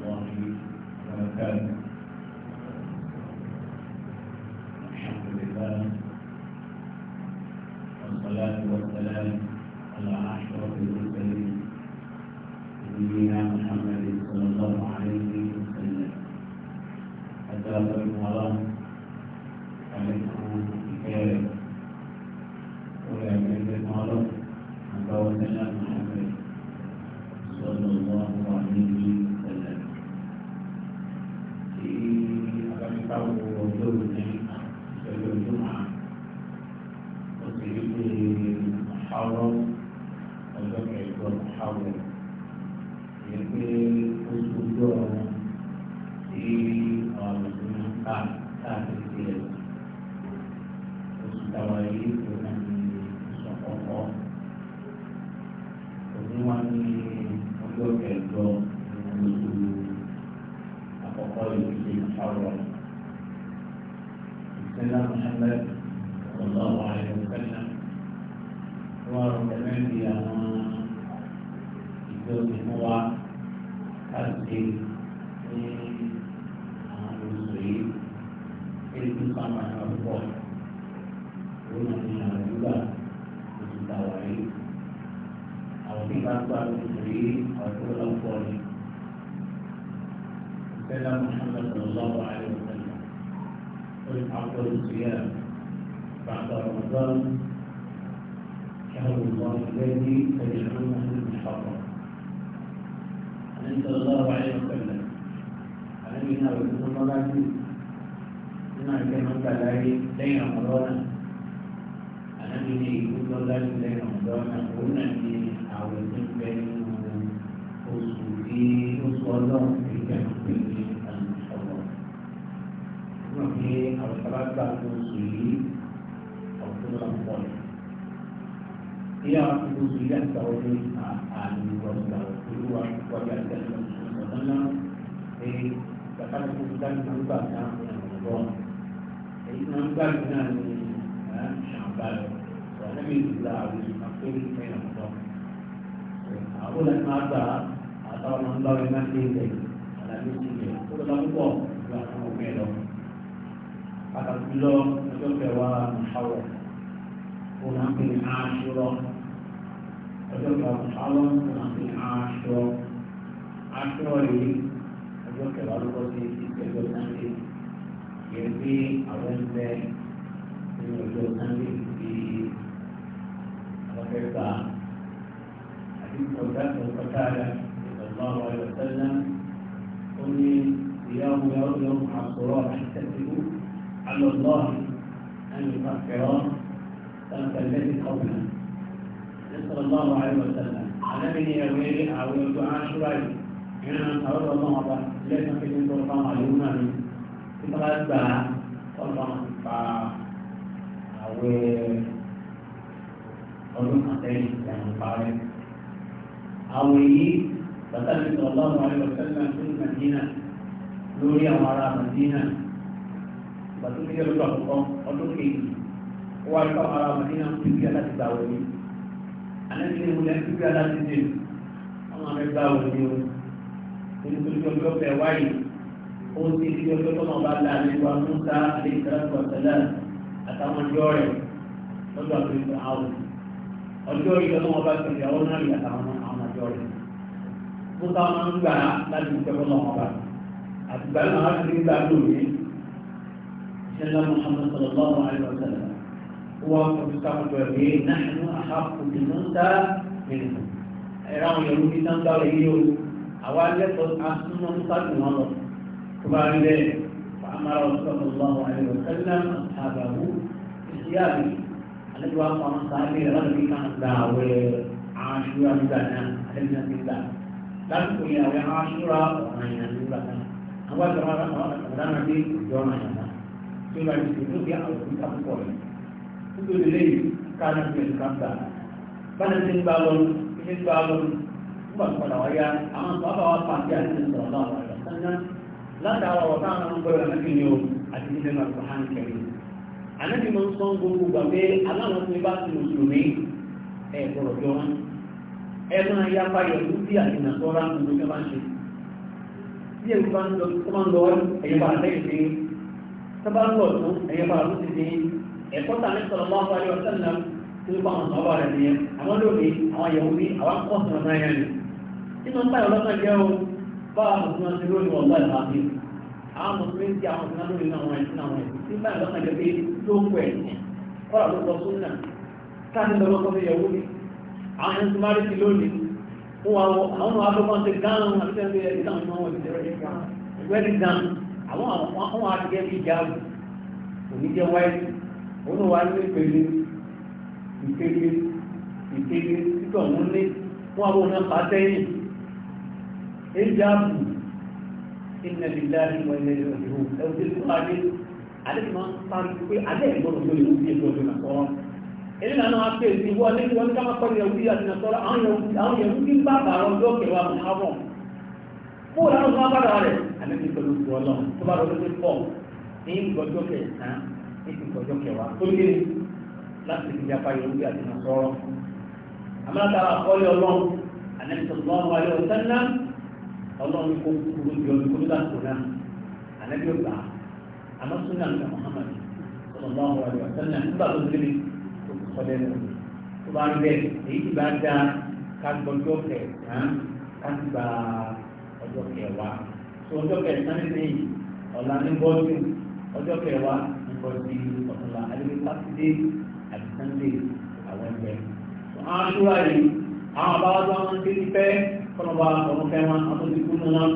الله وبركاته الحمد لله والصلاة والسلام على أشرف المرسلين نبينا محمد صلى الله táwọn ọjọ́ wọ́n rọ pẹ̀lẹ́ǹdì àwọn ìgbé omi fún wa láti ní àwọn oṣù yìí èyí tó sábà náà pọ̀ òun náà ní àwọn ìgbà oṣù tàwa yìí àwọn ìgbà tó àwọn شهر الله الذي تجعلونه المحرم النبي صلى الله عليه وسلم علمنا وكل مرات هنا كما قال لي لين رمضان علمني كل مرات لين رمضان قلنا اني عاوزين بين اصولي اصولا في كما وفي الصلاة بعد الصلاة أو كل رمضان ìyá wa fi gbogbo ilé àti àwọn ọdún àmì ìwọ̀sùn àwọn olúwa wájú àti àti ọ̀sán náà èyí bàtà tó kó dá ní nọ́mbà náà ní àwọn ọ̀dọ́ èyí nọ́mbà náà ní ṣàǹbá lọ wàhálà mi ìdúrà àwọn akéwì fẹ́ràn ọ̀dọ́ àwọn olùkọ́ máa gbà àtàwọn nọ́mbà rẹ̀ máa dé ilẹ̀ àlàyé ti lẹ̀ ó lọ́la púpọ̀ ju àwọn ọmọ ẹ̀ lọ pàtàkì lọ ọjọ́ kẹwàá àwọn òun àpè àṣírọ́ ọjọ́ kẹwàá ọlọ́run tó máa fi aṣọ aṣọ yìí ọjọ́ kẹwàá lọ́kọ́ sí ìgbẹ́jọ́ sáńdé yẹ pé àwọn ẹgbẹ́ nínú ọjọ́ sáńdé ti ọ̀fẹ́fà àti ọ̀gá ọ̀kọ́tà rẹ̀ ìgbàgbọ́ àwọn ọ̀sẹ́lá ó ní ìyáwó yàwó yàwó àkùrọ̀ àtẹ̀síwò alọ́lọ́ọ̀hìn ẹnì kan fẹ́ràn sáńdé lẹ́yìn kọ́ọ̀nà. صلى الله عليه وسلم علمني أولي أولي عاشوراي إنما تولى الله ليس في من سلطان اليماني تتغذى سلطان فأوي ọdún àtẹ́yìn ìyàwó parẹ́. Àwọn èyí bàtà ní sallallahu alaihi wa sallam fún Màdínà lórí àwọn ará Màdínà. Bàtú kí lóòótọ́ àkọ́kọ́ ọdún kejì. Ó wá ní káwọn ará Màdínà ń fi bí aláti gbà wọlé. àlẹ́kí ni mo lẹ́ kí bí aláṣẹ́dé ọmọ mi gbà wò ní o nítorí ọjọ́ bẹ̀ wáyé ó ti di ọjọ́ tó máa bá la àlejò amúta àlejò àtàlẹ́ àtàwọn ọjọ́ rẹ̀ lọ́dọ̀ àbẹ̀rẹ̀ àwọn ọjọ́ yìí lọ́dọ̀ wọn bá ti di àwọn náà yìí àtàwọn àwọn ọjọ́ rẹ̀ múta máa ń gbà láti ìjọ tó máa bá wọ́n tó fi ká pẹ̀lú ẹ̀mí náà ní àhàkù nínú dá nínú ẹ̀rọ àwọn yòówù ní sáńdá rẹ̀ yíyó àwa lẹ́tọ̀ asúnmọ́ ń sáàdù wọn lọ tó bá rí bẹ́ẹ̀ fàámàrà ọ̀sọ́mọ̀ lọ́wọ́ àyẹ̀wò sẹ́lẹ̀ àbàwù ìṣíyàbí àlejò àwọn ọmọ sáàbì ẹ̀rọ mi kàn gba àwẹ̀ àṣúra nígbà náà àlejò náà ti gbà lásìkò yẹn àwẹ̀ àṣúra ọ̀ràn nítorí lẹ́yìn káàdì fún ìkàtà báyìí ti ń gbà lọ ti ń gbà lọ nígbà tó padà wáyá àwọn bàbá wa pàṣẹ àti ìsọ̀rọ̀ náà wà lọ sánjá látara ọ̀rọ̀ táwọn ọmọ gbọ́dọ̀ lẹ́kìn ni o àti nílẹ̀ náà kò hàn kẹrin àlẹ́bí máa ń sọ́n gbogbo gbà pé aláwọn tó bá ti mùsùlùmí ẹ̀ gbọ́dọ̀ jọ wọn ẹ máa ya fáyọ̀ lórí àti nàtọ́ra gbogbo tó ń ṣe bí ẹ̀kọ́ tà ní sọ̀rọ̀ lọ́wọ́ àríwá sẹ́lẹ̀ tó ń bá wọn sọ̀rọ̀ rẹ̀ nìyẹn àwọn lónìí àwọn yẹ̀wò ní àwọn kọ́sùn ọ̀nà yẹn ni nínú táyọ̀ lọ́sàn jẹ́ o bá a mùsùlùmí ti lónìí wọ́n báyìí láti àwọn mùsùlùmí ti àwọn mùsùlùmí lónìí náà wọ́n ẹ̀ sínú àwọn ẹ̀ sí báyìí lọ́sàn jẹ́ pé tó kù ẹ̀ kọ́ra ló sọ sún náà káàdì lọ́wọ́ sọ fún yẹ̀wò ni àwọn òun wà ní ìpele ìpele ìpele títọ̀ mú ní fún àwọn ọ̀nà pàtẹ́yìn èyí ààbò ìnàlélá ní wọn ilẹ̀ ìrọ̀lẹ́wò ẹ̀wọ̀n tó tó adé adé tó máa ń parí pé adé ìgbọ́dọ̀ tó lè wú sí ẹgbẹ́ ọdún àkọ́rọ́ na lànà wá pé èsì àwọn kẹwàá fún ìlànà tó tó bá ètò ìtọ́jọ́ kẹwàá tó lé láti fi japa yorùbá àti nàṣọ́rọ́ amátara àkọ́lé ọlọ́run anẹ́sọ̀tọ́ ọmọ ayé ọ̀sán náà ọlọ́run kó kúrò jọ ní kóńtà tó náà anẹ́bí ọ̀gá amásúnà ní Muhammad sọ̀tọ́ ọmọ ayé ọ̀sán náà nígbà tó lé tó kọ́lé lọ tó bá ń bẹ èyí ti bá dá kágbọ́jọ́ kẹ̀ kán kágbà ọjọ́ kẹwàá tó ọjọ́ kẹsàn ọjọ́ kẹwàá bọ́sí ọ̀túnla alẹ́ sátidé àti sànńdé àwọn ẹgbẹ́. àwọn aṣọ́ra yìí àwọn àbáwá tó wọn ti fẹ́ kọ́nọ̀bá ọ̀rọ̀ fẹ́ wọn àwọn tó ti kú wọn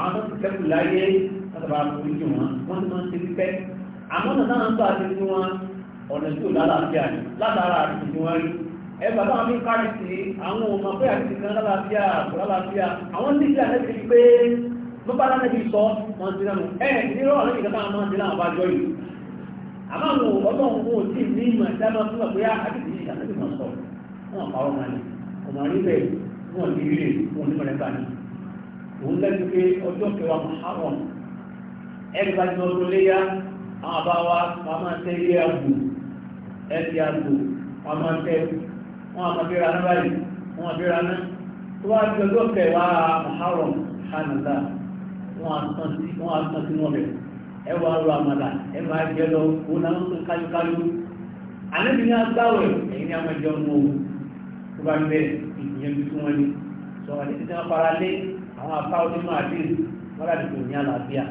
àwọn tó ti kẹ́kù láyé látàbà oríṣi wọn wọ́n ti máa ń ti fẹ́. àmọ́ nàná ń sọ àti tí wọn ọ̀nà tí ò lálàáfíà ni látara àti tí wọ́n rí ẹ bàbá mi kárí sí àwọn ọmọ pé àti kan lálàáfíà kò lálàáfíà àwọn níbi àlẹ́ ti pé ló bá lánàá bí sọ wọn ti ránu ẹ nírọ̀ àlẹ́ ìgbà táwọn máa ń ti láwọn bá jọ yìí àmọ́ àwọn ọlọ́run wọn ò tí ì ní ìmọ̀ ìdáná fún ọ̀pẹ́ àdìsí ìṣàkóso kan sọ wọn pa ọmọ ni ọmọ rí bẹ́ẹ̀ wọn ní ilé wọn ní mọ̀lẹ́bà ni òun lẹ́nu pé ọjọ́ kẹwàá Muharram ẹni bá jọ tó léyà àwọn àbá wa wọn máa tẹ ilé àgbò ẹsẹ àgbò wọn máa tẹ wọn àmàbíra náà báyìí wọn àbíra náà tó wá jọ ọjọ́ kẹwàá Muharram hànàdà wọn àtàn sí wọn àtàn sí wọn bẹ̀rẹ̀ ẹ wà lọ àmàlà ẹ máa jẹ lọ kó náà ń sún kájúkájú àlẹ́bí ní agbáwẹ̀ ẹ̀yìn ní àwọn ẹjọ́ mú o bá ń bẹ ìyẹn bí fún wọn ni sọ àdéhùn tí wọn fara lé àwọn afá onímọ̀ àdéhùn wọn láti kò ní àlàáfíà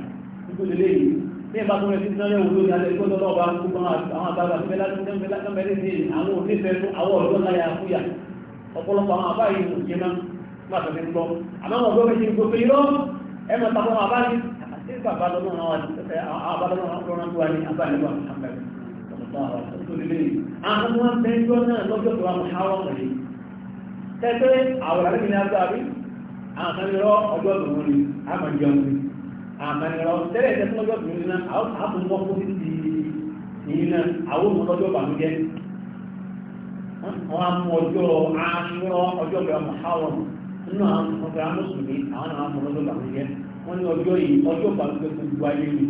nítorí lẹ́yìn ní ìbá tó rẹ̀ sí náà lẹ́wọ̀n lórí alẹ́ tó lọ́wọ́ bá kú bá àwọn àgbàgbà tó bẹ́lá tó bẹ́lá tó bẹ́lá sí àwọn onífẹ́ fún àwọn ọ̀dọ́ láyà fúyà ọ̀pọ̀lọpọ̀ àwọn àbá yìí kò jẹ́ náà má tó fi ń lọ àmọ́ àwọn ọ̀dọ́ méjì gbogbo irọ́ ẹ mọ̀ tàbí àbá yìí tí bàbá lọ́nà àwọn wa ní abáyébà Muhammad ọ̀pọ̀lọpọ̀ tó lè lẹ́yìn àwọn wọn tẹ́ ìjọ náà lọ́jọ́ tó wà mú àwọn ọmọdé tẹ́gbẹ́ àwọn àríwí ní agbábí àmàlẹ́rọ ọjọ́ tòun ni àmàjẹun ni àmàlẹ́rọ tẹ́lẹ̀ tẹ́ lọ́jọ́ tòun ni náà àwọn àbúwọ́ fún ti ìyìn náà àwọn ọmọ lọ́jọ́ bàmújẹ́ wọn mú ọjọ́ àṣírọ ọjọ́ bẹ̀rẹ̀ mọ̀ wọ́n ní ọjọ́ yìí ọjọ́ ìbànújẹ́ gbogbo ayé ni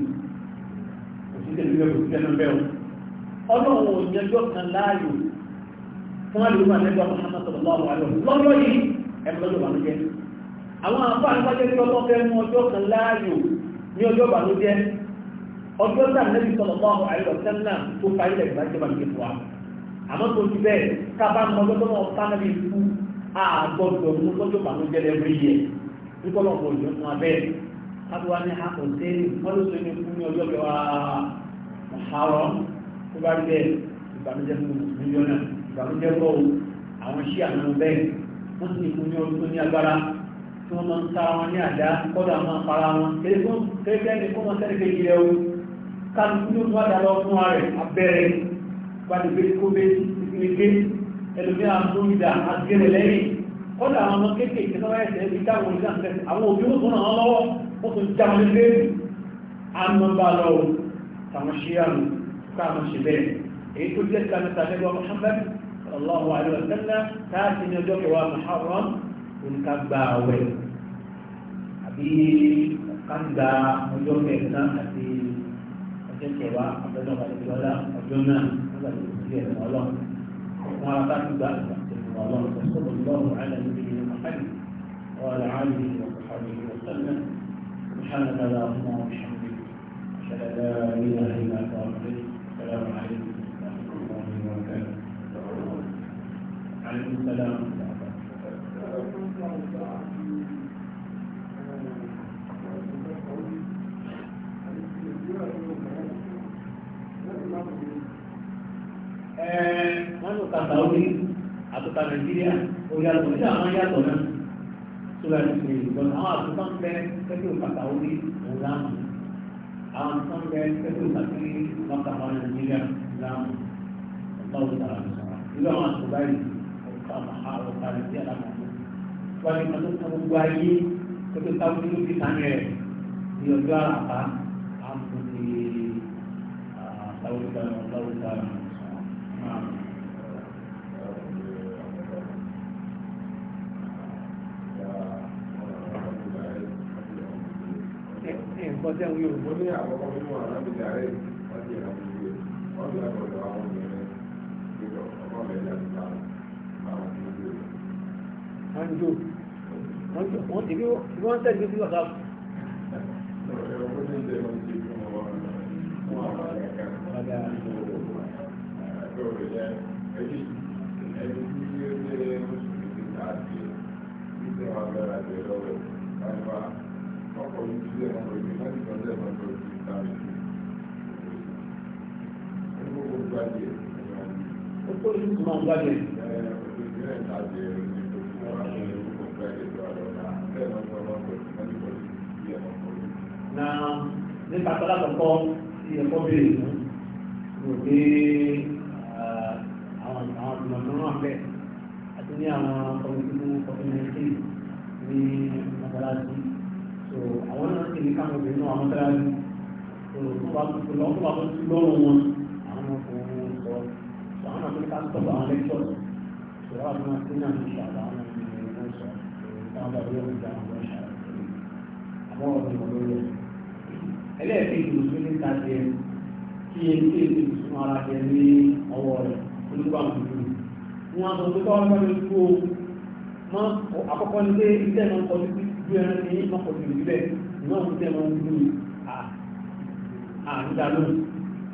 òṣìṣẹ́ ìlú ẹ̀kọ́ sí ẹnu bẹ́ẹ̀ ọlọ́run ò ní ọjọ́ kan láàyò fún àlùmọ́ àlẹ́gbà Muhammad sallallahu alaihi wasallam lọ́jọ́ yìí ẹ̀mọ́ lọ́jọ́ ìbànújẹ́ àwọn àfáàní tí ọlọ́ fẹ́ mú ọjọ́ kan láàyò ní ọjọ́ ìbànújẹ́ ọjọ́ sàmẹ́lì sallallahu alaihi wasallam tó fa ilẹ̀ ìbàjẹ́ bàjẹ́ fún wa kápẹ́ wá ní àkọ̀tẹ́lì wọ́n ló sọ́yìn fún ní ọjọ́ kẹwàá àárọ̀ tó bá rí bẹ́ẹ̀ ìbànújẹ́ fún mílíọ̀nà ìbànújẹ́ bọ́ o àwọn iṣẹ́ àná bẹ́ẹ̀ wọ́n sì fún ní ọdún tó ní agbára tí wọ́n máa ń sára wọn ní àdá kọ́dà máa para wọn kéèké ní kó máa sẹ́ni kejì rẹ o kálukú ló wá dáná fún wa rẹ̀ abẹ́rẹ́ gbàdúgbé kóbé ìgbìlẹ̀gbé ó tún já wọn lé àmọ́bà lọ́wọ́ tàwọn ṣe àmì káàmù ṣe bẹ́ẹ̀ èyí tó jẹ́ kàmẹ́ta lẹ́gbọ́ Muhammad sallallahu alaihi wa sallam káàkiri ní ọjọ́ kẹwàá Muharram nǹkan gba àwẹ̀ àbí kan gba ọjọ́ kẹta àti ọjọ́ kẹwàá ọjọ́ kẹwàá ọjọ́ náà nígbà tó ti ẹ̀ lọ́lọ́ wọn a bá ti gba ọlọ́run sọ́kọ̀ lọ́rùn alẹ́ níbi ìlú Muhammad wọn làwọn àlè ìwọ̀n سبحانك اللهم وبحمدك أشهد أن لا إله إلا أنت السلام عليكم ورحمة الله وبركاته عليكم السلام wọ́n ló ka sàwọ́rí àtúntà nàìjíríà orí àtúntà àwọn yàtọ̀ náà. tó bá ti fi ìbọn àwọn àtúntò ń bẹ pẹ̀lú òkàtà orí ńláàmù àwọn àtúntò ń bẹ pẹ̀lú òkàtà orí mọ́tàmá nàìjíríà ńláàmù ọ̀tọ́wò tààrà ìlú àwọn àtúntò báyìí ọ̀tá màá ọ̀tá rẹ̀ sí àlàmọ́tò wọ́n ní kàtó kan gbogbo ayé pẹ̀lú táwọn ìlú ti tàn ní ọjọ́ àràbá ọtí àwọn yóò. ní àkọ́kọ́ nínú àlábìlẹ̀ ààrẹ wọ́n ti yàrá fún ti yàrá fún àwọn obìnrin nígbà ọkọ rẹ̀ ní àdúgbò àwọn tí wọ́n gbé. anjo anjo wọn ti bí wọn tẹ̀lé bí wọn sáfù. Thank you nípa tọ́lá kọ̀kọ́ tí ẹ̀kọ́ béèrè fún rò pé àwọn ìgbìmọ̀ tó rán àpẹ́ àti ní àwọn ọmọ ìdílé kọ́mínẹ́tì ní mọ́tàlá sí so àwọn náà ti ní káwọn obìnrin náà àwọn tẹ́lá ní so tó bá tó lọ tó bá tó tó lọ́rùn wọn àwọn náà kò sọ so àwọn náà tó ká tó bá àwọn lẹ́kítọ̀ so wọ́n á ti náà ní ṣàlá àwọn náà ní ìlú sọ táwọn bá yọ ìjà àwọn ọ̀ṣà àwọn ọ̀rọ̀ ìwọ̀n lórí ẹ̀ ẹlẹ́ẹ̀kejì mùsùlùmí ta jẹ kí ẹni tí èsì mùsùlùmí ara jẹ ní ọwọ́ rẹ̀ olùkọ́ àwọn ìlú wọn wọn lọ́ọ́ lè pé iṣẹ́ náà kọjú bí ẹni ní ọkọ̀tì ìbílẹ̀ náà ń tẹ́ wọn ń dúró àǹdà lónìí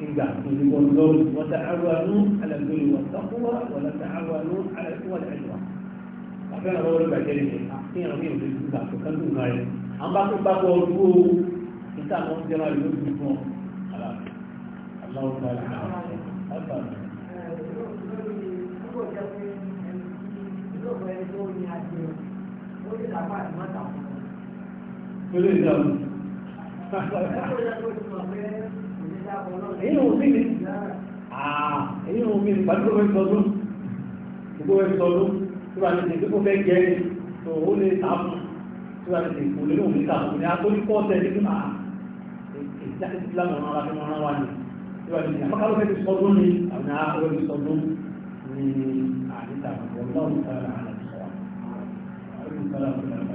ìgbà ìdìbò lórí wọ́n ta àwọn àánú alẹ́gbẹ̀rẹ̀ wọ́n ta kúwà wọ́n ta àwọn àánú alẹ́gbẹ̀rẹ̀ wọ́n ta àfẹ́ràn lọ́wọ́ ló bàjẹ́ nìyẹn àfihàn mi ò lè gbà tó kán náà yẹn àwọn bá tó gbàgbọ́ owó níta àwọn oúnjẹ náà yóò dùn fún ọ aláwọ̀ Pẹ̀lú ìdáhùn. Èyí ò mí ni. Àà ah, èyí ò mí ni. Pàtó ẹ̀ sọdún. Gbogbo ẹ̀ sọdún. Tí wàá ní ti tí kò fẹ́ jẹ́ ni. Tó o lè ta Tí wàá ní ti kò lè lóun ní Ní akóni kọ́ ní kíkà. Ìjà ni. Tí wàá ní ti ni. Àmì àwọn ẹ̀ sọdún ni àdìsá. Wọ́n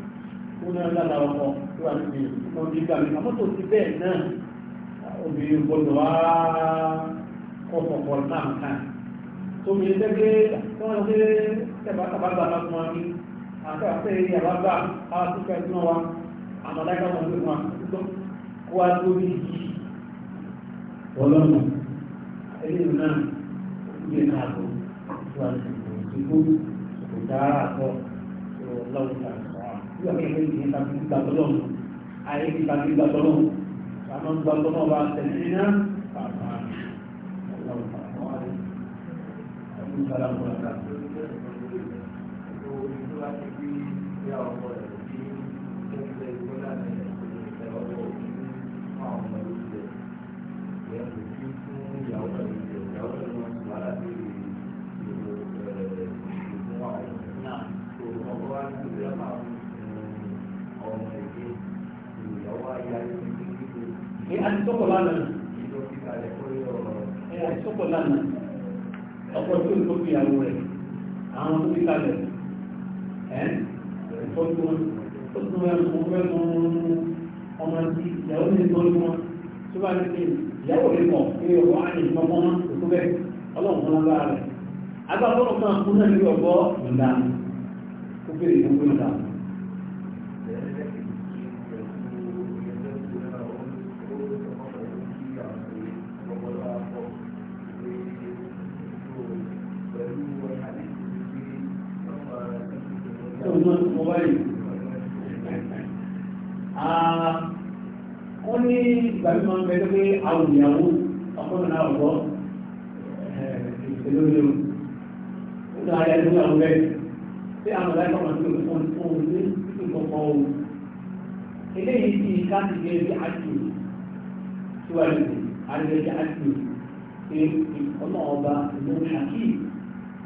wọn náà lára ọkọ tó wà níbi wọn ní gbàgbé àmọ́ tó ti bẹ́ẹ̀ náà obìnrin gbọdọ̀ wá kọ̀kọ̀kọ̀ náà kàn tóbi ní sẹ́gbẹ́ tí wọ́n ṣe ẹ̀bá àbábà náà fún wa ní àti àfẹ́ eré àbábà àtúkọ̀ ẹ̀dùn wa àmàlágbà wọn ló wà tó kó wa lórí yìí ọlọ́nà nígbà tí ìwé ìgbà tí ìgbà tọ́lọ́ ayé ìgbà tí ìgbà tọ́lọ́ àmọ́ ìgbà tọ́lọ́ bá tẹ̀lé ní náà bàbá ọlọ́run bàbá wà lẹ́yìn ọdún sára mọ́ ọ̀gá. Nah, ní àtìsọ́kọ̀ lánàá ní àtìsọ́kọ̀ lánàá ọkọ̀ tí ó tó fi àwọn rẹ̀ àwọn tó fi kalẹ̀ ẹ́ ìfọ́jú wọn ó tún rẹ̀ mú fẹ́ mú ọmọ tí ìyàwó ní ìtọ́jú wọn tó bá ní kí ìyàwó rẹ̀ mọ̀ pé ọ̀rọ̀ á ní ìmọ̀ mọ́ kò tó bẹ́ẹ̀ ọlọ́run fún lágbára rẹ̀ agbábọ́ọ̀lù kan kú náà ní ọ̀gbọ́ ìlànà kó fèrè ìgbógbó ìlànà kò báyìí ó ní ìgbàmí máa ń bẹ pé àwọn ìyàwó ọkùnrin náà ọ̀gbọ́ ìṣèlú ìlú ó dá ayé ẹgbẹ́ àwọn bẹ́ẹ̀ tí àwọn ọ̀dá ìkọ̀ọ̀kan tó lè fún fún òun ní ìkọ̀kọ̀ òun eléyìí ti ká ti gbé ẹgbẹ́ àti síwájú àti ẹgbẹ́ àti ọmọ ọba ìlú ṣàkíyì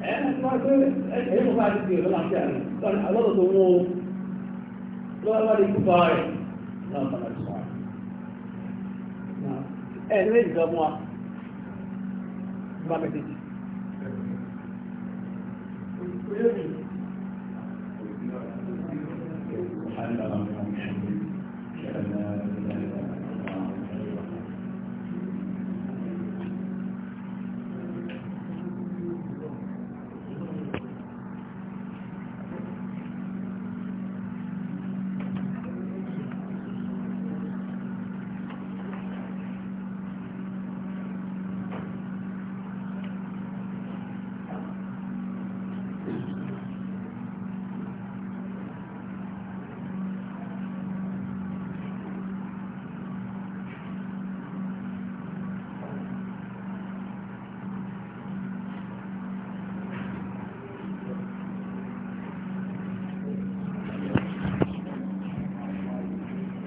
ẹ̀ẹ́n tó wá pé ẹ̀yìn mọ̀ bá ti di ọ̀lọ́lá sí àná lọ́nà àlọ́dọ̀ tó wọ́n lọ́wọ́ wá di kúpa rẹ̀ náà bàbá